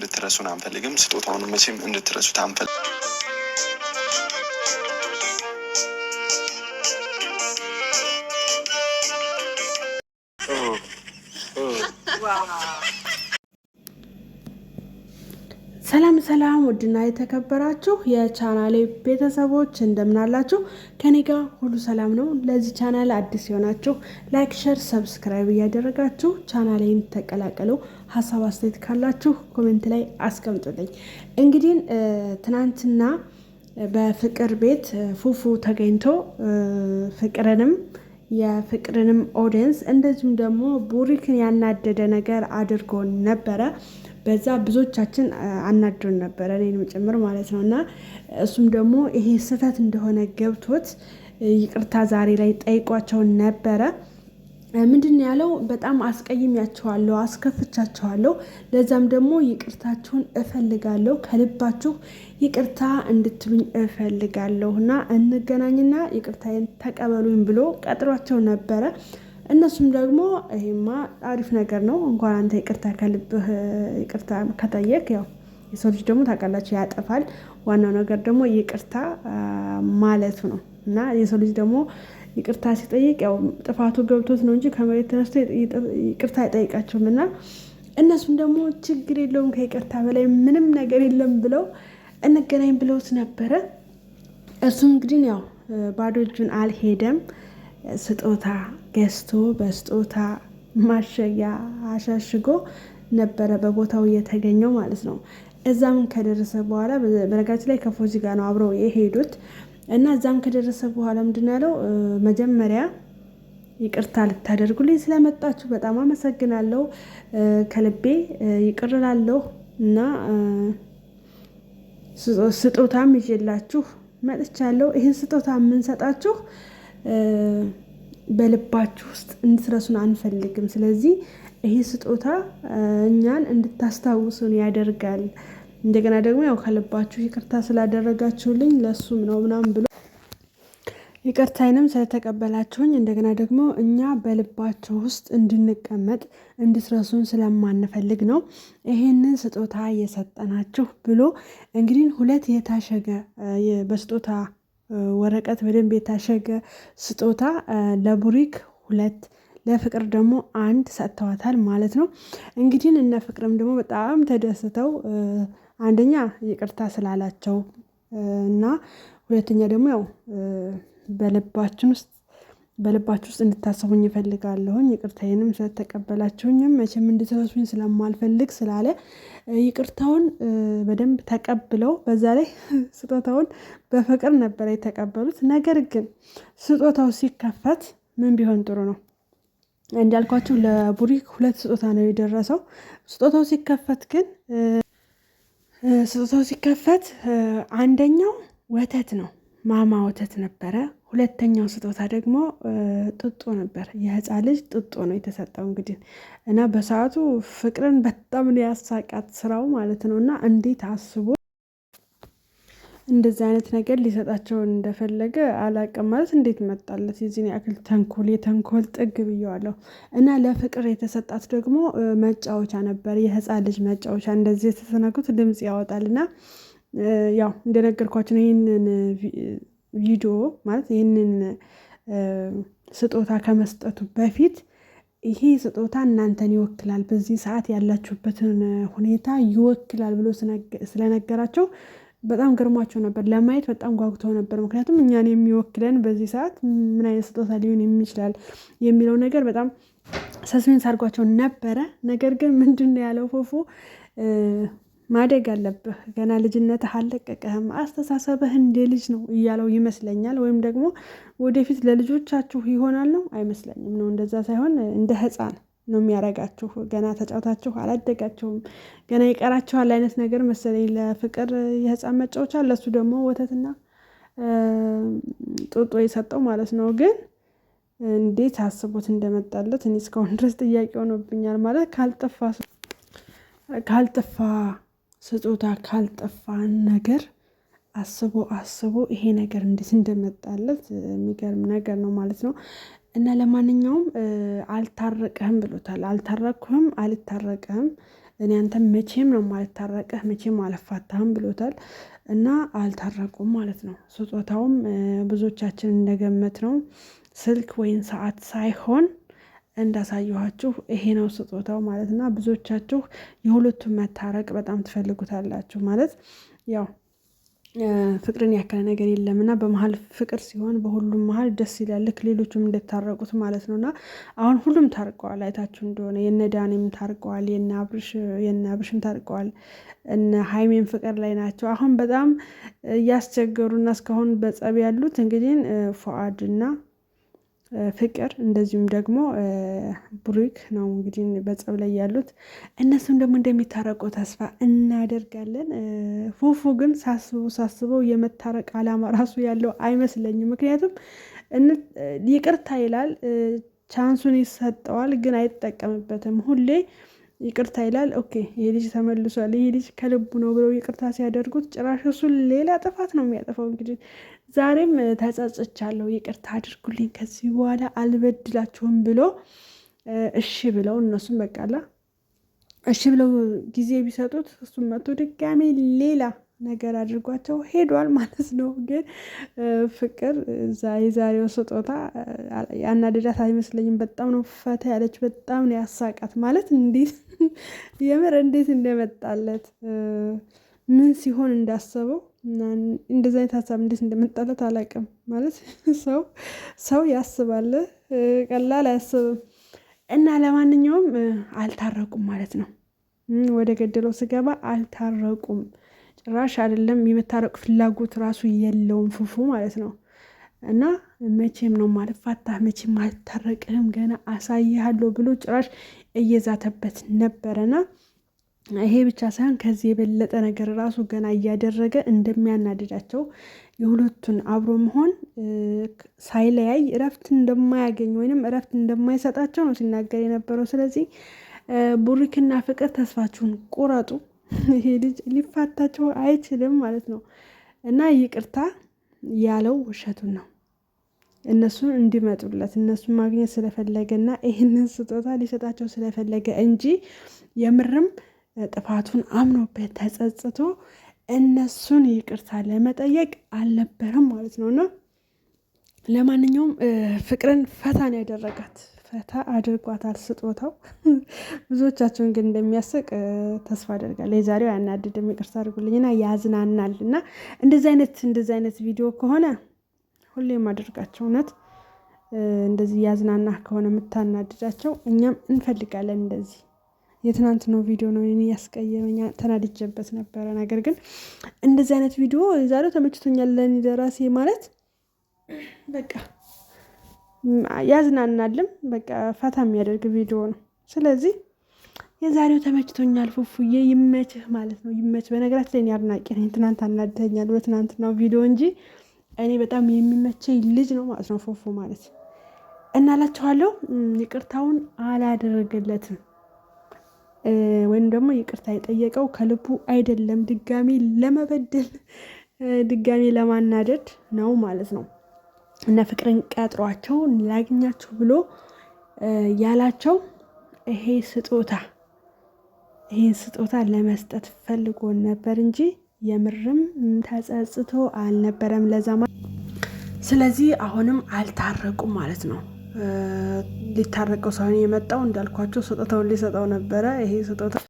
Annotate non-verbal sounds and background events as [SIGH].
እንድትረሱን አንፈልግም። ስጦታውን መቼም እንድትረሱት አንፈልግ ሰላም ሰላም ውድና የተከበራችሁ የቻናሌ ቤተሰቦች እንደምናላችሁ፣ ከኔ ጋር ሁሉ ሰላም ነው። ለዚህ ቻናል አዲስ የሆናችሁ ላይክ፣ ሸር፣ ሰብስክራይብ እያደረጋችሁ ቻናሌን ተቀላቀሉ። ሀሳብ አስተያየት ካላችሁ ኮሜንት ላይ አስቀምጡልኝ። እንግዲህ ትናንትና በፍቅር ቤት ፉፉ ተገኝቶ ፍቅርንም የፍቅርንም ኦዲየንስ እንደዚሁም ደግሞ ቡሪክን ያናደደ ነገር አድርጎ ነበረ። በዛ ብዙዎቻችን አናዶን ነበረ፣ እኔንም ጭምር ማለት ነው። እና እሱም ደግሞ ይሄ ስህተት እንደሆነ ገብቶት ይቅርታ ዛሬ ላይ ጠይቋቸውን ነበረ። ምንድን ያለው በጣም አስቀይሜያቸዋለሁ፣ አስከፍቻቸዋለሁ። ለዛም ደግሞ ይቅርታችሁን እፈልጋለሁ፣ ከልባችሁ ይቅርታ እንድትሉኝ እፈልጋለሁ እና እንገናኝና ይቅርታዬን ተቀበሉኝ ብሎ ቀጥሯቸው ነበረ። እነሱም ደግሞ ይሄማ አሪፍ ነገር ነው፣ እንኳን አንተ ይቅርታ ከልብህ ይቅርታ ከጠየቅ ያው የሰው ልጅ ደግሞ ታውቃላችሁ ያጠፋል። ዋናው ነገር ደግሞ ይቅርታ ማለቱ ነው እና የሰው ልጅ ደግሞ ይቅርታ ሲጠይቅ ያው ጥፋቱ ገብቶት ነው እንጂ ከመሬት ተነስቶ ይቅርታ አይጠይቃቸውም። እና እነሱም ደግሞ ችግር የለውም ከይቅርታ በላይ ምንም ነገር የለም ብለው እንገናኝ ብለውት ነበረ። እሱም እንግዲህ ያው ባዶ እጁን አልሄደም። ስጦታ ገዝቶ በስጦታ ማሸጊያ አሻሽጎ ነበረ በቦታው እየተገኘው ማለት ነው። እዛም ከደረሰ በኋላ በነገራችን ላይ ከፎዚ ጋር ነው አብረው የሄዱት። እና እዛም ከደረሰ በኋላ ምንድን ያለው መጀመሪያ ይቅርታ ልታደርጉልኝ ስለመጣችሁ በጣም አመሰግናለሁ፣ ከልቤ ይቅር እላለሁ እና ስጦታም ይዤላችሁ መጥቻለሁ። ይህን ስጦታ የምንሰጣችሁ በልባችሁ ውስጥ እንድትረሱን አንፈልግም። ስለዚህ ይህ ስጦታ እኛን እንድታስታውሱን ያደርጋል። እንደገና ደግሞ ያው ከልባችሁ ይቅርታ ስላደረጋችሁልኝ ለሱም ነው ምናምን ብሎ ይቅርታይንም ስለተቀበላችሁኝ እንደገና ደግሞ እኛ በልባቸው ውስጥ እንድንቀመጥ እንድትረሱን ስለማንፈልግ ነው ይሄንን ስጦታ የሰጠናችሁ ብሎ እንግዲህ ሁለት የታሸገ በስጦታ ወረቀት በደንብ የታሸገ ስጦታ ለቡሪክ ሁለት ለፍቅር ደግሞ አንድ ሰጥተዋታል ማለት ነው። እንግዲህ እነ ፍቅርም ደግሞ በጣም ተደስተው አንደኛ ይቅርታ ስላላቸው እና ሁለተኛ ደግሞ ያው በልባችን ውስጥ በልባችሁ ውስጥ እንድታሰቡኝ እፈልጋለሁኝ ይቅርታዬንም ስለተቀበላችሁኝም መቼም እንድትረሱኝ ስለማልፈልግ ስላለ ይቅርታውን በደንብ ተቀብለው በዛ ላይ [LAUGHS] ስጦታውን በፍቅር ነበረ የተቀበሉት። ነገር ግን ስጦታው ሲከፈት ምን ቢሆን ጥሩ ነው? እንዳልኳችሁ ለቡሪክ ሁለት ስጦታ ነው የደረሰው። ስጦታው ሲከፈት ግን ስጦታ ሲከፈት አንደኛው ወተት ነው፣ ማማ ወተት ነበረ። ሁለተኛው ስጦታ ደግሞ ጥጦ ነበር። የህፃን ልጅ ጥጦ ነው የተሰጠው። እንግዲህ እና በሰዓቱ ፍቅርን በጣም ነው ያሳቃት ስራው ማለት ነው እና እንዴት አስቦ እንደዚህ አይነት ነገር ሊሰጣቸውን እንደፈለገ አላቅም። ማለት እንዴት መጣለት የዚህን ያክል ተንኮል የተንኮል ጥግ ብየዋለሁ። እና ለፍቅር የተሰጣት ደግሞ መጫወቻ ነበር፣ የህፃን ልጅ መጫወቻ። እንደዚህ የተሰነኩት ድምፅ ያወጣል እና ያው እንደነገርኳቸው ይህንን ቪዲዮ ማለት ይህንን ስጦታ ከመስጠቱ በፊት ይሄ ስጦታ እናንተን ይወክላል፣ በዚህ ሰዓት ያላችሁበትን ሁኔታ ይወክላል ብሎ ስለነገራቸው በጣም ገርሟቸው ነበር። ለማየት በጣም ጓጉተው ነበር። ምክንያቱም እኛን የሚወክለን በዚህ ሰዓት ምን አይነት ስጦታ ሊሆን የሚችላል የሚለው ነገር በጣም ሰስፔንስ አድርጓቸው ነበረ። ነገር ግን ምንድን ነው ያለው ፎፎ ማደግ አለብህ ገና ልጅነትህ አለቀቀህም፣ አስተሳሰብህ እንደ ልጅ ነው እያለው ይመስለኛል። ወይም ደግሞ ወደፊት ለልጆቻችሁ ይሆናል ነው አይመስለኝም ነው እንደዛ ሳይሆን እንደ ህፃን ነው የሚያረጋችሁ። ገና ተጫውታችሁ አላደጋችሁም፣ ገና ይቀራችኋል አይነት ነገር መሰለኝ ለፍቅር የህፃን መጫወቻ። ለሱ ደግሞ ወተትና ጡጦ የሰጠው ማለት ነው። ግን እንዴት አስቦት እንደመጣለት እኔ እስካሁን ድረስ ጥያቄ ሆኖብኛል። ማለት ካልጠፋ ካልጠፋ ስጦታ ካልጠፋ ነገር አስቦ አስቦ ይሄ ነገር እንዴት እንደመጣለት የሚገርም ነገር ነው ማለት ነው። እና ለማንኛውም አልታረቀህም ብሎታል። አልታረቅኩህም፣ አልታረቀህም እኔ አንተ መቼም ነው ማልታረቅህ፣ መቼም አልፋታህም ብሎታል። እና አልታረቁም ማለት ነው። ስጦታውም ብዙዎቻችን እንደገመት ነው ስልክ ወይም ሰዓት ሳይሆን እንዳሳየኋችሁ ይሄ ነው ስጦታው ማለት እና ብዙዎቻችሁ የሁለቱ መታረቅ በጣም ትፈልጉታላችሁ ማለት ያው ፍቅርን ያከለ ነገር የለም እና በመሀል ፍቅር ሲሆን በሁሉም መሀል ደስ ይላል። ልክ ሌሎቹም እንደታረቁት ማለት ነው እና አሁን ሁሉም ታርቀዋል። አይታችሁ እንደሆነ የነ ዳኔም ታርቀዋል፣ የነ አብርሽም ታርቀዋል፣ እነ ሀይሜም ፍቅር ላይ ናቸው። አሁን በጣም እያስቸገሩና እስካሁን በጸብ ያሉት እንግዲህ ፉአድ እና ፍቅር እንደዚሁም ደግሞ ብሩክ ነው እንግዲህ በጸብ ላይ ያሉት። እነሱም ደግሞ እንደሚታረቁ ተስፋ እናደርጋለን። ፉፉ ግን ሳስበው ሳስበው የመታረቅ አላማ ራሱ ያለው አይመስለኝም። ምክንያቱም ይቅርታ ይላል፣ ቻንሱን ይሰጠዋል፣ ግን አይጠቀምበትም ሁሌ ይቅርታ ይላል። ኦኬ ይሄ ልጅ ተመልሷል፣ ይሄ ልጅ ከልቡ ነው ብለው ይቅርታ ሲያደርጉት ጭራሽ እሱን ሌላ ጥፋት ነው የሚያጠፋው። እንግዲህ ዛሬም ተጸጽቻለሁ፣ ይቅርታ አድርጉልኝ፣ ከዚህ በኋላ አልበድላችሁም ብሎ እሺ ብለው እነሱም በቃላ እሺ ብለው ጊዜ ቢሰጡት እሱም መጥቶ ድጋሜ ሌላ ነገር አድርጓቸው ሄዷል [LAUGHS] ማለት ነው። ግን ፍቅር እዛ የዛሬው ስጦታ ያናደዳት አይመስለኝም። በጣም ነው ፈታ ያለች፣ በጣም ነው ያሳቃት ማለት እንዴት [LAUGHS] የምር እንዴት እንደመጣለት ምን ሲሆን እንዳሰበው እንደዚ አይነት ሀሳብ እንዴት እንደመጣለት አላውቅም። ማለት [LAUGHS] ሰው ሰው ያስባል፣ ቀላል አያስብም። እና ለማንኛውም አልታረቁም ማለት ነው። ወደ ገደለው ስገባ አልታረቁም። ጭራሽ አይደለም የመታረቅ ፍላጎት ራሱ የለውም ፉፉ ማለት ነው። እና መቼም ነው ማልፋታህ፣ መቼም አልታረቅህም፣ ገና አሳይሃለሁ ብሎ ጭራሽ እየዛተበት ነበረ እና ይሄ ብቻ ሳይሆን ከዚህ የበለጠ ነገር ራሱ ገና እያደረገ እንደሚያናድዳቸው የሁለቱን አብሮ መሆን ሳይለያይ እረፍት እንደማያገኝ ወይንም እረፍት እንደማይሰጣቸው ነው ሲናገር የነበረው። ስለዚህ ቡሪክና ፍቅር ተስፋችሁን ቁረጡ። [LAUGHS] ይሄ ልጅ ሊፋታቸው አይችልም ማለት ነው። እና ይቅርታ ያለው ውሸቱን ነው። እነሱን እንዲመጡለት እነሱን ማግኘት ስለፈለገ እና ይህንን ስጦታ ሊሰጣቸው ስለፈለገ እንጂ የምርም ጥፋቱን አምኖበት ተጸጽቶ እነሱን ይቅርታ ለመጠየቅ አልነበረም ማለት ነው እና ለማንኛውም ፍቅርን ፈታን ያደረጋት ፈታ አድርጓታል ስጦታው። [LAUGHS] ብዙዎቻቸውን ግን እንደሚያስቅ ተስፋ አደርጋለሁ። የዛሬው ያናድድም ይቅርታ አድርጉልኝና ያዝናናል እና እንደዚ አይነት እንደዚ አይነት ቪዲዮ ከሆነ ሁሌም አድርጋቸው እውነት እንደዚህ ያዝናና ከሆነ የምታናድዳቸው እኛም እንፈልጋለን። እንደዚህ የትናንት ነው ቪዲዮ ነው ይህን ያስቀየመኝ ተናድጀበት ነበረ። ነገር ግን እንደዚህ አይነት ቪዲዮ የዛሬው ተመችቶኛል ለእኔ ደራሴ ማለት በቃ ያዝናናልም በቃ ፈታ የሚያደርግ ቪዲዮ ነው። ስለዚህ የዛሬው ተመችቶኛል። ፉፉዬ ይመችህ ማለት ነው። ይመች። በነገራችን ላይ እኔ አድናቂ ነኝ። ትናንት አናደኛል በትናንትናው ቪዲዮ እንጂ እኔ በጣም የሚመቸኝ ልጅ ነው ማለት ነው ፉፉ ማለት እናላችኋለሁ። ይቅርታውን አላደረገለትም ወይም ደግሞ ይቅርታ የጠየቀው ከልቡ አይደለም። ድጋሚ ለመበደል ድጋሚ ለማናደድ ነው ማለት ነው። እነ ፍቅርን ቀጥሯቸው ላግኛችሁ ብሎ ያላቸው ይሄ ስጦታ ይህን ስጦታ ለመስጠት ፈልጎ ነበር እንጂ የምርም ተጸጽቶ አልነበረም ለዛማ። ስለዚህ አሁንም አልታረቁም ማለት ነው። ሊታረቀው ሳይሆን የመጣው እንዳልኳቸው ስጦታውን ሊሰጠው ነበረ። ይሄ ስጦታ